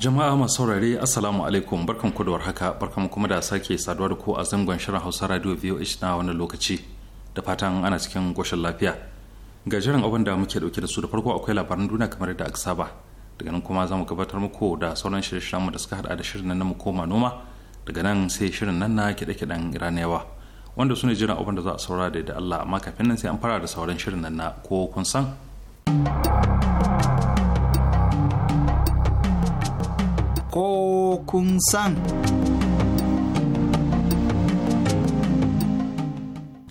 jama'a masu saurare assalamu alaikum barkan ku da warhaka barkan kuma da sake saduwa da ku a zangon shirin hausa radio voh na wani lokaci da fatan ana cikin goshin lafiya ga jiran abin da muke dauke da su da farko akwai labaran duniya kamar yadda aka saba daga nan kuma za mu gabatar muku da sauran shirye mu da suka hada da shirin nan na mu koma noma daga nan sai shirin nan na kiɗe-kiɗen iraniyawa wanda su ne jiran abin da za a saura da Allah amma kafin nan sai an fara da sauran shirin nan na ko kun san. ko kun san.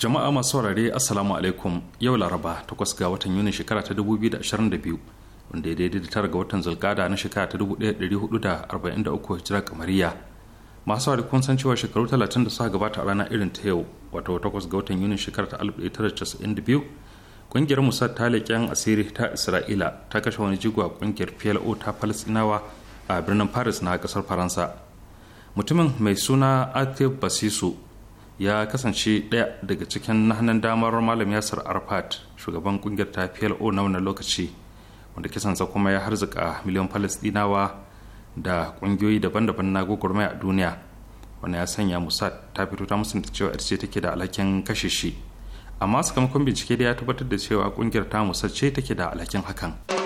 Jama'a masu saurare Assalamu alaikum yau Laraba takwas ga watan Yuni shekara ta 2022 wanda ya daidai da tara ga watan Zulgada na shekara ta 1443 hijira kamariya. Masu saurare kun san cewa shekaru 30 da suka gabata a rana irin ta yau wato takwas ga watan Yuni shekara ta 1992 kungiyar Musa ta leƙen asiri ta Isra'ila ta kashe wani jigwa kungiyar PLO ta Falasɗinawa a birnin paris na kasar faransa mutumin mai suna akib basisu ya kasance ɗaya daga cikin nahanan damar malam yasir arfat shugaban kungiyar ta plo na wannan lokaci wanda kisansa kuma ya harzika miliyan palestinawa da kungiyoyi daban-daban na gugurmai a duniya wanda ya sanya musad ta fito ta musanta cewa ita ce take da alhakin kashe shi amma sakamakon bincike da ya tabbatar da cewa kungiyar ta musad ce take da alhakin hakan.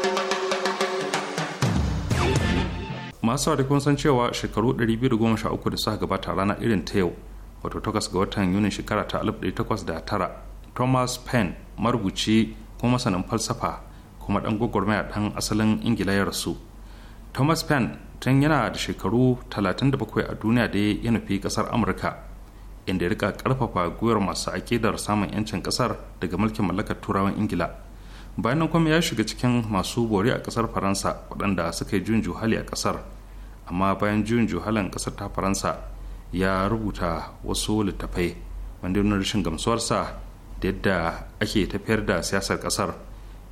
masu wata kun san cewa shekaru 213 da suka gabata rana irin ta yau wato 8 ga watan yunin shekara ta 1809 thomas penn marubuci kuma masanin falsafa kuma dan gwagwarmaya dan asalin ingila ya rasu thomas penn tun yana da shekaru 37 a duniya da ya nufi kasar amurka inda ya rika karfafa gwiwar masu akidar samun yancin kasar daga mulkin mallakar turawan ingila bayan kuma ya shiga cikin masu bore a kasar faransa waɗanda suka yi juyin juhali a kasar amma bayan juyin juhalin kasar ta faransa ya rubuta wasu littafai wanda nuna rashin gamsuwarsa da yadda ake tafiyar da siyasar kasar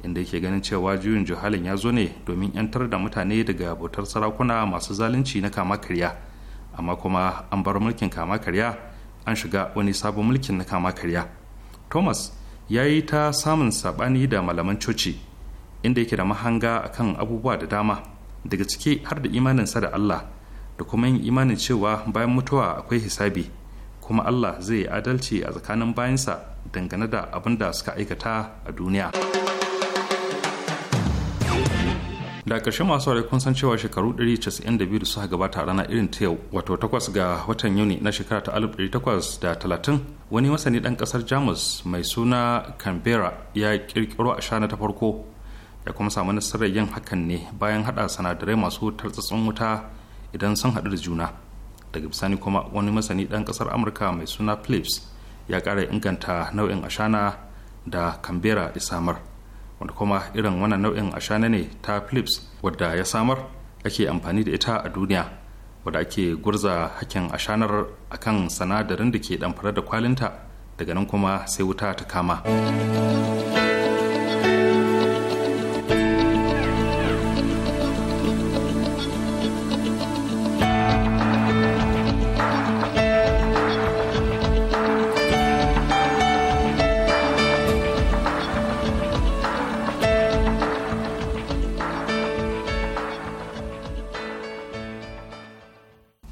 inda yake ganin cewa juyin juhalin ya zo ne domin 'yantar da mutane daga bautar sarakuna masu zalunci na kama karya amma kuma an bar mulkin kama karya an shiga wani sabon mulkin na kama karya thomas ya yi ta samun saɓani da malaman coci inda yake da mahanga a kan abubuwa da dama daga ciki har da imaninsa da Allah da kuma yin imanin cewa bayan mutuwa akwai hisabi kuma Allah zai adalci a tsakanin bayansa dangane da abin da suka aikata a duniya. da ƙarshe masu ware kun san cewa shekaru 192 da suka gabata a rana irin ta yau wato 8 ga watan yuni na shekara ta 1830 wani masani dan kasar jamus mai suna canberra ya kirkiro a shana ta farko ya kuma samu nasarar yin hakan ne bayan haɗa sanadarai masu tartsatsin wuta idan sun hadu da juna daga bisani kuma wani masani dan kasar amurka mai suna phillips ya kara inganta nau'in ashana da canberra isamar wanda kuma irin wannan nau'in ashana ne ta philips wadda ya samar ake amfani da ita a duniya wadda ake gurza hakin ashanar akan sanadarin da ke damfara da kwalinta daga nan kuma sai wuta ta kama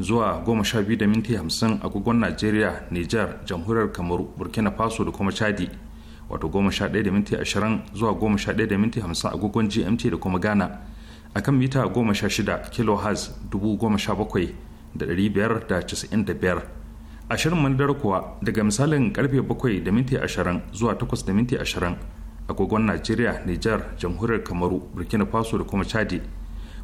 zuwa goma sha biyu da minti agogon najeriya nijar jamhuriyar kamaru burkina faso da kuma chadi wato goma sha ɗaya da minti ashirin zuwa goma sha ɗaya agogon gmt da kuma ghana akan mita goma sha shida kilohertz dubu goma sha bakwai da da da biyar ashirin manadar kuwa daga misalin karfe bakwai da minti ashirin zuwa takwas da minti ashirin agogon najeriya nijar jamhuriyar kamaru burkina faso da kuma chadi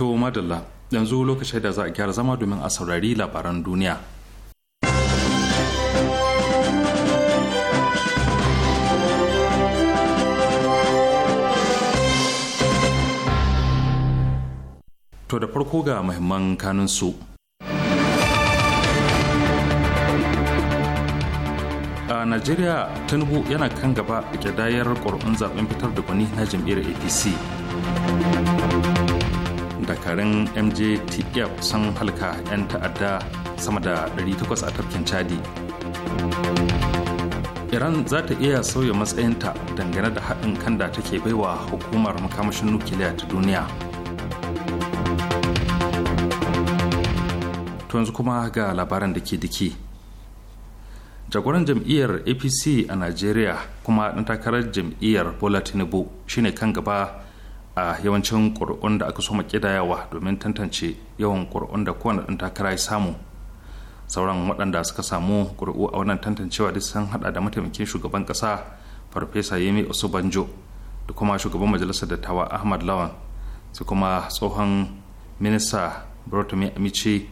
To madalla yanzu lokacin da za a gyara zama domin a saurari labaran duniya. To da farko ga muhimman kanunsu. A Najeriya, Tinubu yana kan gaba da ƙidayar ƙwarƙun zaben fitar da gwani na jam'iyyar APC. dakarun mjtf sun halka 'yan ta'adda sama da 800 a tafkin chadi iran za ta iya sauya matsayinta dangane da haɗin kan da take baiwa hukumar makamashin nukiliya ta duniya to yanzu kuma ga labaran da ke diki jagoran jam'iyyar apc a najeriya kuma ɗan takarar jam'iyyar bola tinubu shine kan gaba a yawancin ƙuri'un da aka soma ƙidayawa domin tantance yawan ƙuri'un da kowane ɗan takara ya samu sauran waɗanda suka samu ƙuri'u a wannan tantancewa duk sun haɗa da mataimakin shugaban ƙasa farfesa yemi osubanjo da kuma shugaban majalisar dattawa ahmad lawan su kuma tsohon minista burtumi amici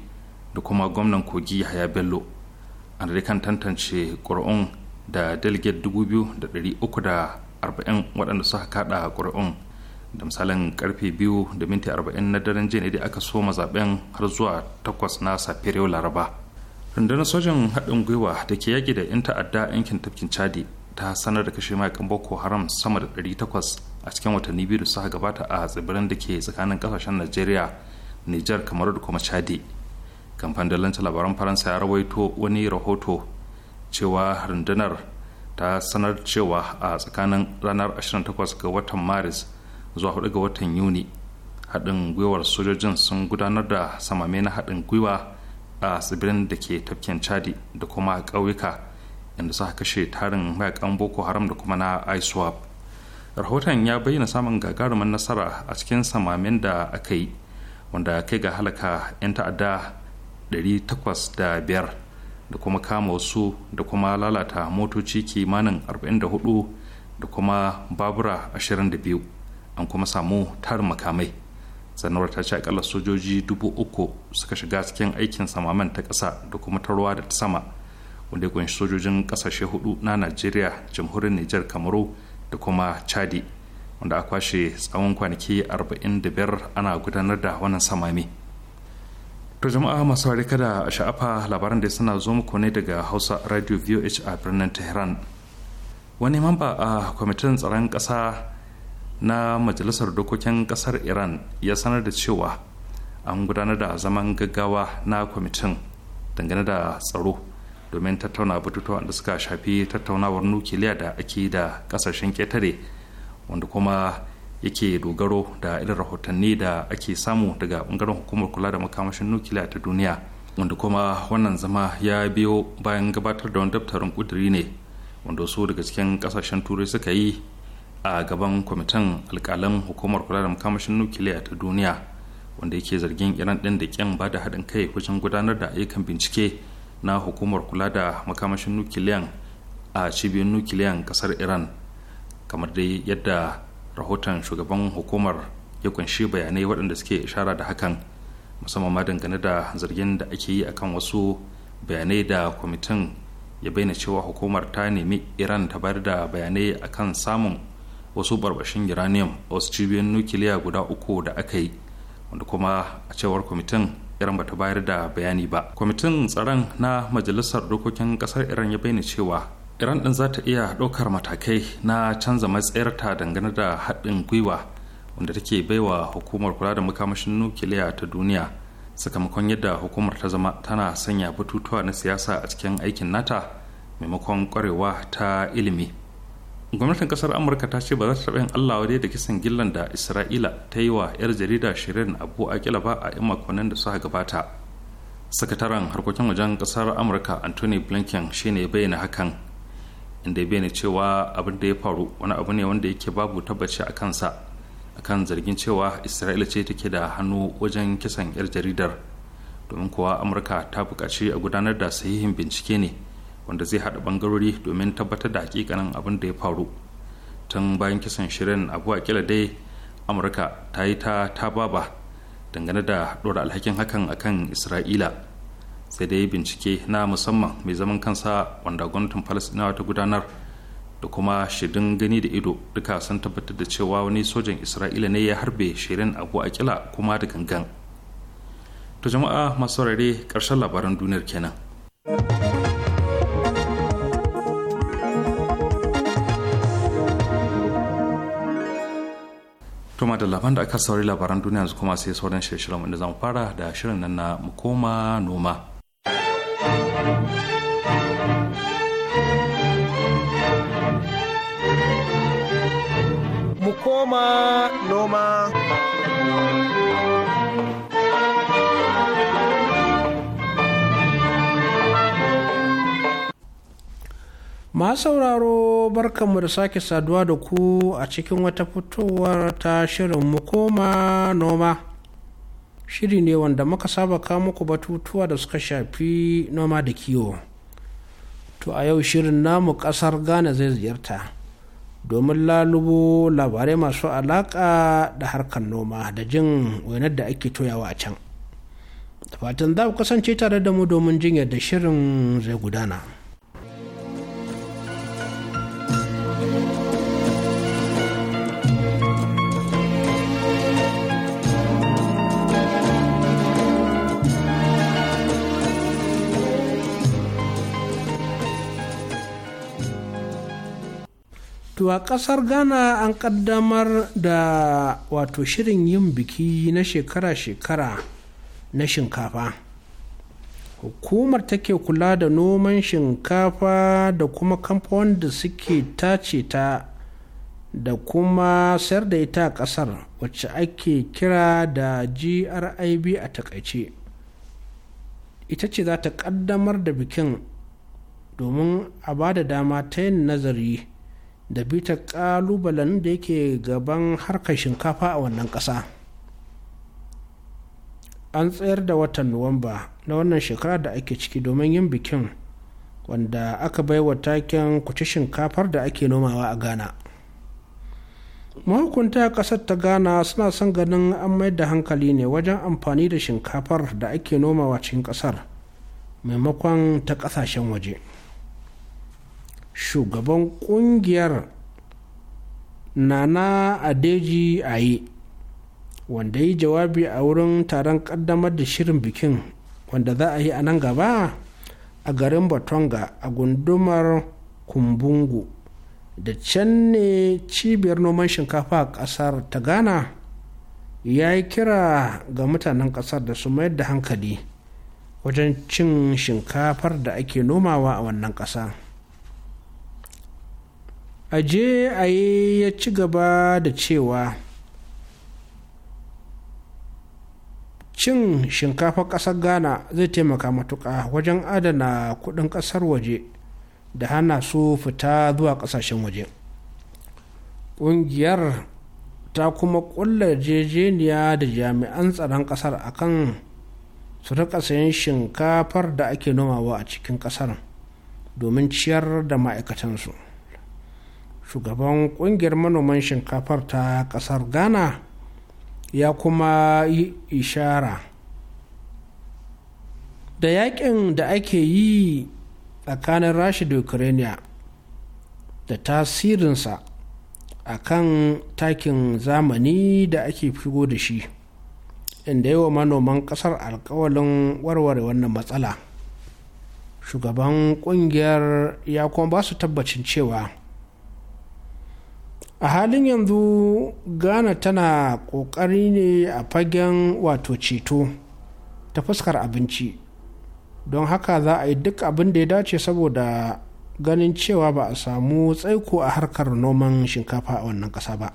da kuma gwamnan kogi yahaya bello an kan tantance ƙuri'un da delegate 2,340 waɗanda suka kaɗa ƙuri'un da misalin karfe biyu da minti arba'in na daren jiya ne da aka soma zaben har zuwa takwas na safiyar yau laraba rundunar sojan haɗin gwiwa da ke yaƙi da 'yan ta'adda yankin tafkin chadi ta sanar da kashe mayakan boko haram sama da 800 a cikin watanni biyu da suka gabata a tsibirin da ke tsakanin kasashen najeriya nijar kamar da kuma chadi kamfan dalancin labaran faransa ya rawaito wani rahoto cewa rundunar ta sanar cewa a tsakanin ranar 28 ga watan maris zuwa hudu ga watan yuni haɗin gwiwar sojojin sun gudanar da samame na haɗin gwiwa a tsibirin da ke tafkin chadi da kuma ƙauyuka inda suka kashe tarin mayakan boko haram da kuma na iswap rahoton ya bayyana samun gagarumin nasara a cikin samamin da aka yi wanda kai ga halaka 'yan ta'adda 805 da kuma kama wasu da kuma lalata motoci kimanin 44 da kuma babura 22 an kuma samu tarin makamai zanawar ta ce akalla sojoji dubu uku suka shiga cikin aikin samaman ta ƙasa da kuma ta ruwa da ta sama wanda ya kunshi sojojin ƙasashe hudu na najeriya jamhuriyar nijar kamaru da kuma chadi wanda a kwashe tsawon kwanaki 45 ana gudanar da wannan samami to jama'a masu kada a sha'afa labaran da suna zo muku ne daga hausa radio voh a birnin tehran wani mamba a kwamitin tsaron ƙasa na majalisar dokokin kasar iran ya sanar da cewa an gudanar da zaman gaggawa na kwamitin dangane da tsaro domin tattauna batutuwan da suka shafi tattaunawar nukiliya da ake da kasashen ketare wanda kuma yake dogaro da irin rahotanni da ake samu daga bangaren hukumar kula da makamashin nukiliya ta duniya wanda kuma wannan zama ya biyo bayan gabatar da wani daftarin kuduri ne wanda su daga cikin kasashen turai suka yi a gaban kwamitin alkalan hukumar kula da makamashin nukiliya ta duniya wanda yake zargin iran ɗin da kyan ba da haɗin kai wajen gudanar da ayyukan bincike na hukumar kula da makamashin nukiliyan a cibiyar nukiliyan ƙasar iran kamar dai yadda rahoton shugaban hukumar ya kunshi bayanai waɗanda suke ishara da hakan musamman ma dangane da zargin da ake yi akan wasu bayanai da kwamitin ya bayyana cewa hukumar ta nemi iran ta bayar da bayanai akan samun wasu barbashin uranium wasu cibiyoyin nukiliya guda uku da aka yi wanda kuma a cewar kwamitin iran bata bayar da bayani ba kwamitin tsaron na majalisar dokokin kasar iran ya bayyana cewa iran din za ta iya ɗaukar matakai na canza matsayarta dangane da haɗin gwiwa wanda take baiwa hukumar kula da makamashin nukiliya ta duniya sakamakon yadda hukumar ta zama tana sanya batutuwa na siyasa a cikin aikin nata maimakon ƙwarewa ta ilimi gwamnatin kasar amurka ta ce ba za ta taɓa yin allah wadai da kisan gillan da isra'ila ta yi wa 'yar jarida shirin abu akila ba a 'yan makonnin da suka gabata sakataren harkokin wajen kasar amurka anthony blinken shine bayyana hakan inda ya bayyana cewa abin da ya faru wani abu ne wanda yake babu tabbaci a kansa akan zargin cewa isra'ila ce take da hannu wajen kisan 'yar jaridar domin kuwa amurka ta buƙaci a gudanar da sahihin bincike ne wanda zai haɗa bangarori domin tabbatar da hakikanin abin da ya faru tun bayan kisan shirin abu a kila dai amurka ta yi ta tababa dangane da ɗora alhakin hakan akan isra'ila sai dai bincike na musamman mai zaman kansa wanda gwamnatin falasɗinawa ta gudanar da kuma shidin gani da ido duka sun tabbatar da cewa wani sojan isra'ila ne ya harbe shirin abu a kila kuma da gangan to jama'a masu rare ƙarshen labaran duniyar kenan. thank you tuma da laban da aka saurari labaran duniya yanzu kuma sai sauran shirye-shiryen wanda zamu fara da shirin nan na mu koma noma mu noma masu sauraro barkanmu da sake saduwa da ku a cikin wata fitowar ta shirin mu koma noma shiri ne wanda muka saba kawo muku batutuwa da suka shafi noma da kiwo to a yau shirin namu kasar ghana zai ziyarta domin lalubo labarai masu alaka da harkar noma da jin wainar da ake toyawa a can da fatan za ku kasance tare da mu domin jin yadda shirin zai gudana. To a ƙasar Ghana an ƙaddamar da wato shirin yin biki na shekara-shekara na shinkafa. Hukumar take kula da noman shinkafa da kuma kamfanin da suke tace ta da kuma sayar da ita a ƙasar wacce ake kira da GRIB a takaice. Ita ce za ta ƙaddamar da bikin domin a ba da dama ta yin nazari. da bita ƙalubalen da yake gaban harkar shinkafa a wannan ƙasa an tsayar da watan nuwamba na wannan shekara da ake ciki domin yin bikin wanda aka bai wa taken kuci shinkafar da ake nomawa a ghana mahukunta kasar ta ghana suna son ganin an mai da hankali ne wajen amfani da shinkafar da ake nomawa cikin ƙasar maimakon ta ƙasashen waje. shugaban kungiyar nana adeji aye wanda yi jawabi a wurin taron kaddamar da shirin bikin wanda za a yi a nan gaba a garin batonga a gundumar kumbungu da can ne cibiyar noman shinkafa a kasar ta ghana ya yi kira ga mutanen kasar da su mayar da hankali wajen cin shinkafar da ake nomawa a wannan ƙasa. aje aye ya ci gaba da cewa cin shinkafar ƙasar ghana zai taimaka matuƙa wajen adana kuɗin ƙasar waje da hana su fita zuwa ƙasashen waje ƙungiyar ta kuma ƙulla jejeniya da jami'an tsaron ƙasar akan su riƙa sayan shinkafar da ake nomawa a cikin ƙasar domin ciyar da ma'aikatansu. shugaban kungiyar manoman shinkafar ta kasar ghana ya kuma yi ishara da yakin da ake yi tsakanin rashi da ukraine da tasirinsa a kan takin zamani da ake shigo da shi inda yi wa manoman kasar alkawalin warware wannan matsala shugaban kungiyar ya kuma ba su tabbacin cewa a halin yanzu ghana tana kokari ne a fagen wato ceto ta fuskar abinci don haka za a yi duk abin da ya dace saboda ganin cewa ba a samu tsaiko a harkar noman shinkafa a wannan ƙasa ba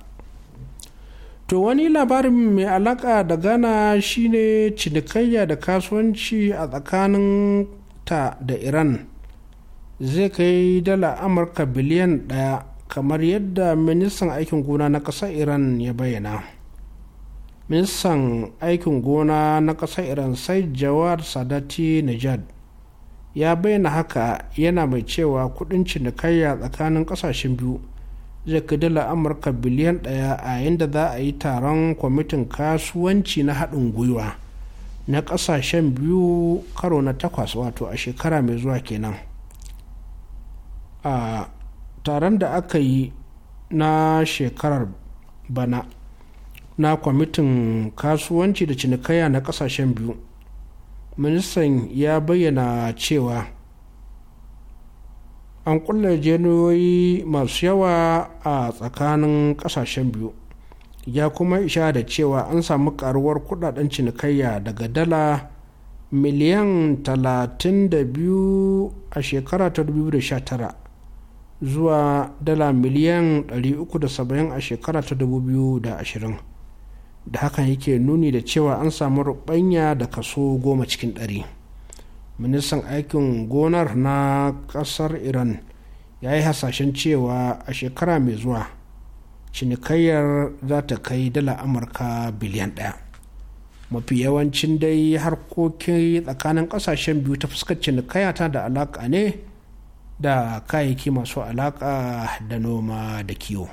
to wani labarin mai alaka da ghana shine cinikayya da kasuwanci a tsakanin ta da iran zai kai dala amurka biliyan ɗaya kamar yadda ministan aikin gona na ƙasar iran ya bayyana ministan aikin gona na ƙasar iran sai jawar sadati najad ya bayyana haka yana mai cewa kudin cinikayya tsakanin ƙasashen biyu zai kai dala amurka biliyan ɗaya a yadda za a yi taron kwamitin kasuwanci na haɗin gwiwa na ƙasashen biyu karo na takwas wato a shekara mai zuwa kenan taron da aka yi na shekarar bana na kwamitin kasuwanci da cinikayya na kasashen biyu ministan ya bayyana cewa an kulle jeniyoyi masu yawa a tsakanin kasashen biyu ya kuma isha da cewa an samu karuwar kudaden cinikayya daga dala miliyan 32 a shekara ta zuwa dala miliyan 370 a shekara ta 2020 da hakan yake nuni da cewa an samu rubanya da kaso goma cikin ɗari ministan aikin gonar na ƙasar iran ya yi hasashen cewa a shekara mai zuwa cinikayyar za ta kai dala amurka biliyan ɗaya mafi yawancin dai harkokin tsakanin ƙasashen biyu ta fuskar cinikayya da alaƙa ne da kayayyaki masu alaƙa da noma da kiwo.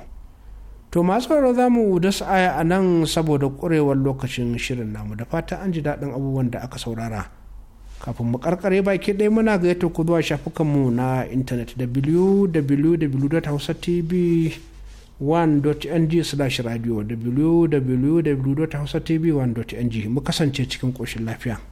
To masu sauraro za mu dasa aya a nan saboda ƙurewar lokacin shirin namu da fata an ji daɗin abubuwan da aka saurara. Kafin mu karkare baki ɗaya muna gayyata ku zuwa shafukanmu na intanet www.hausatv1.ng radio www.hausatv1.ng mu kasance cikin ƙoshin lafiya.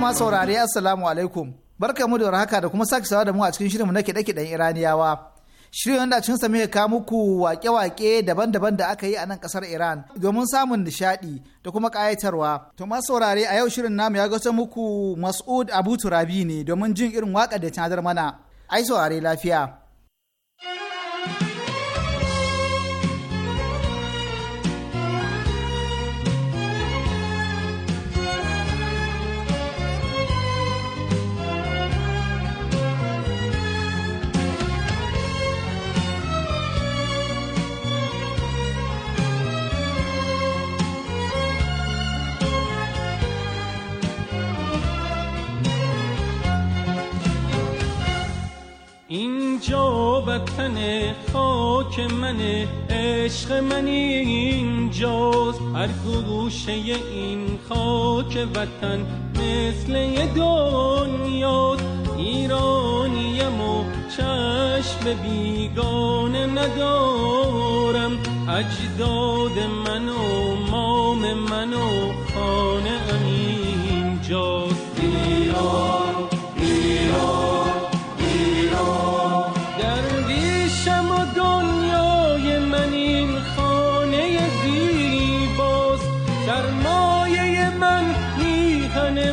ma saurari assalamu alaikum. Barka mu da haka da kuma sake sawa da mu a cikin shirinmu na kiɗe-kiɗen Iraniyawa. Shirin wanda cikin sa muke kawo muku wake-wake daban-daban da aka yi a nan kasar Iran domin samun nishaɗi da kuma ƙayatarwa. To ma saurari a yau shirin namu ya gaso muku Mas'ud Abu Turabi ne domin jin irin waka da tanadar mana. Ai saurari lafiya. تن خاک من عشق من اینجاست هر گوشه این خاک وطن مثل یه دنیاست ایرانیم و چشم بیگانه ندارم اجداد من و مام من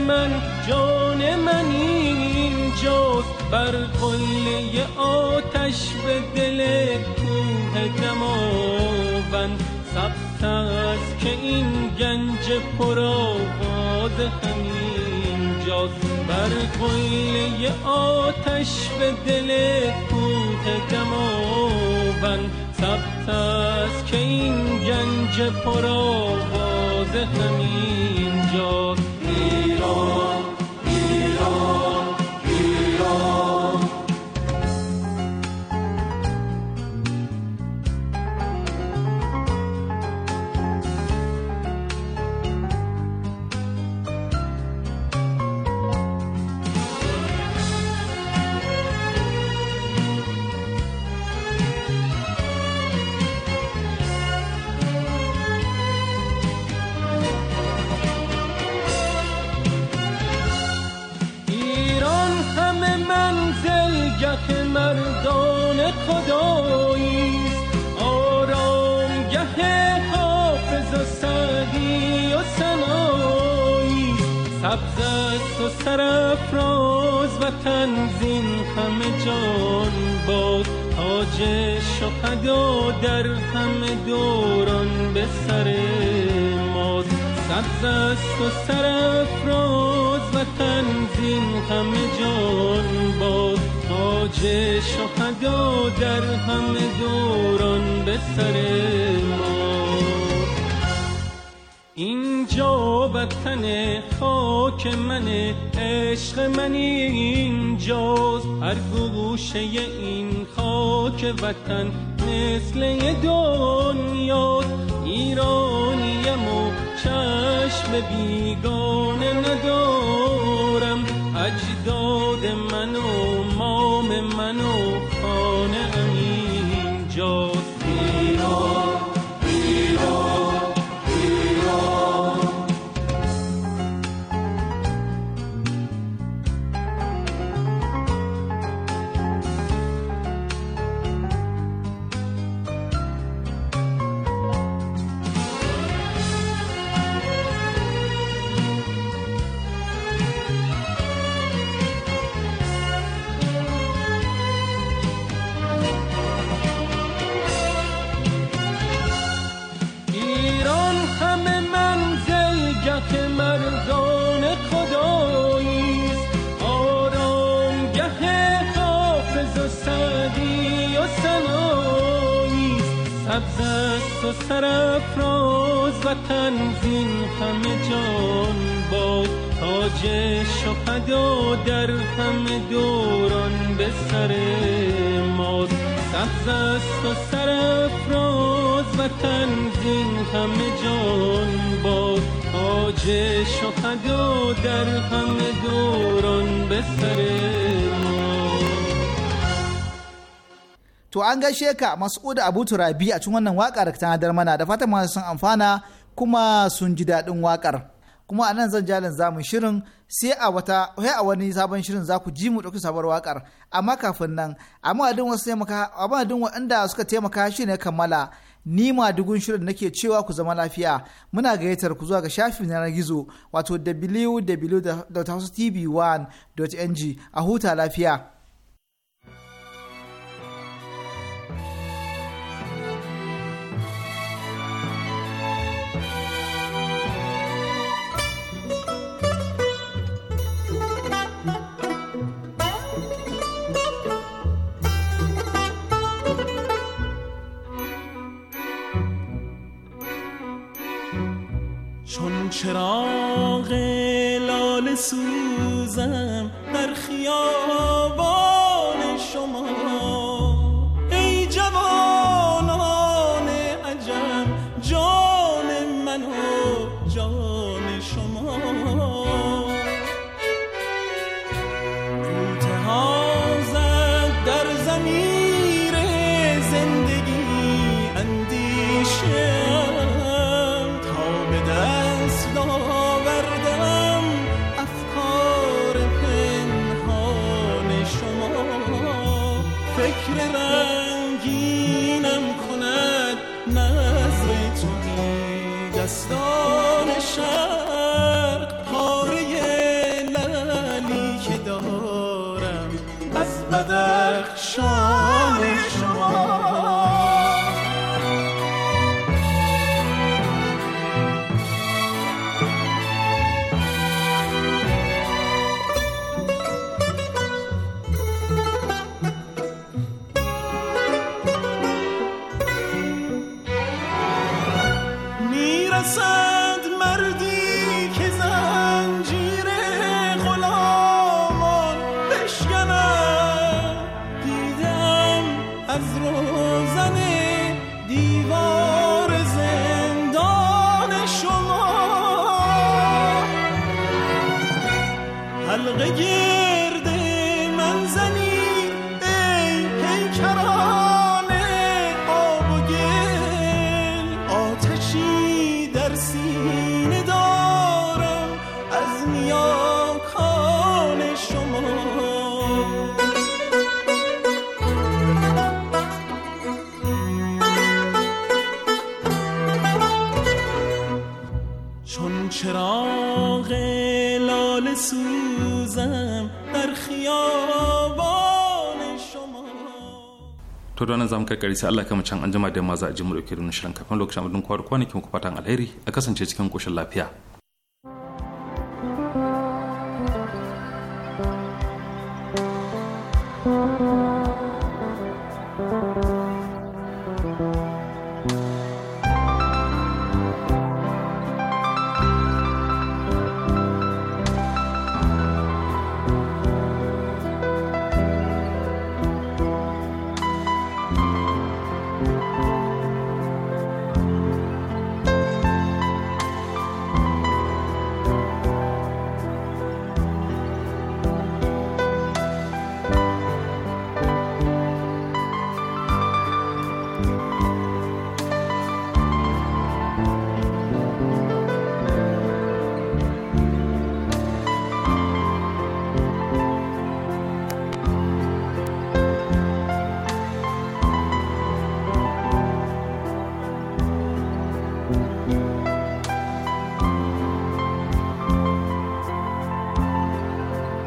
من جان من اینجاست بر قله آتش به دل کوه دماوند ثبت است که این گنج همین همینجاست بر قله آتش به دل کوه دماوند ثبت است که این گنج همین همینجاست Lord. سر سرافراز و زین همه جان باز تاج شهدا در همه دوران به سر ماز سبز است و سرافراز و زین همه جان باز تاج شهدا در همه دوران به سر ما اینجا وطن خاک من عشق منی اینجاست هر گوشه این خاک وطن مثل دنیاست ایرانیم و چشم بیگانه ندارم اجداد منو و سعدی و سنایی سبز است و سرافراز وطن زین همه جان باد تاج شهدا در همه دوران به سر ماست سبز است و سرافراز وطن زین همه جان باد تاج شهدا در همه دوران به سر to an gaishe ka mas'ud abu turabi a cikin wannan waka da tanadar mana da fatan masu sun amfana kuma sun ji daɗin wakar kuma a nan zan jalin zamu shirin sai a wata sai a wani sabon shirin za ku ji mu ɗauki sabon wakar amma kafin nan amma adin wasu taimaka amma waɗanda suka taimaka shi ne kammala ni ma dugun shirin nake cewa ku zama lafiya muna gayyatar ku zuwa ga shafin na gizo wato www.housetv1.ng a huta lafiya. چراغ لال سوزم در خیال da nan zamu kai sai Allah kama can anjima da maza a ji mu dauke da shirin kafin lokacin abin kwaro kwanakin muku fatan alheri a kasance cikin koshin lafiya thank you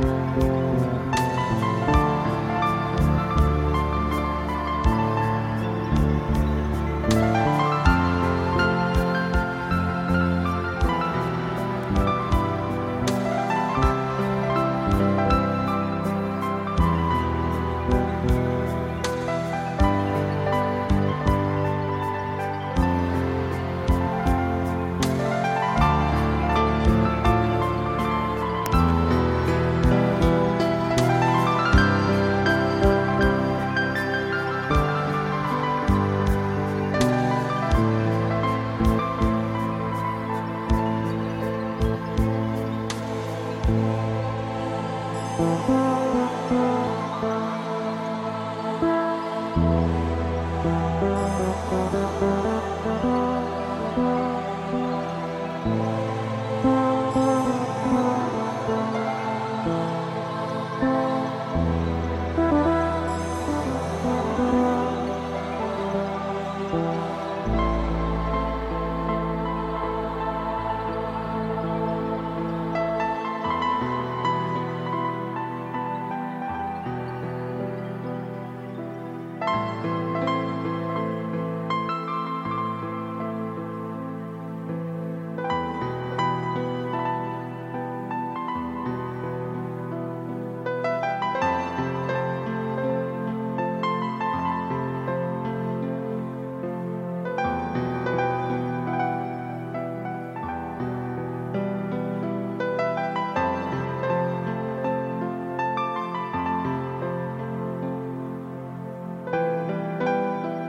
Thank you.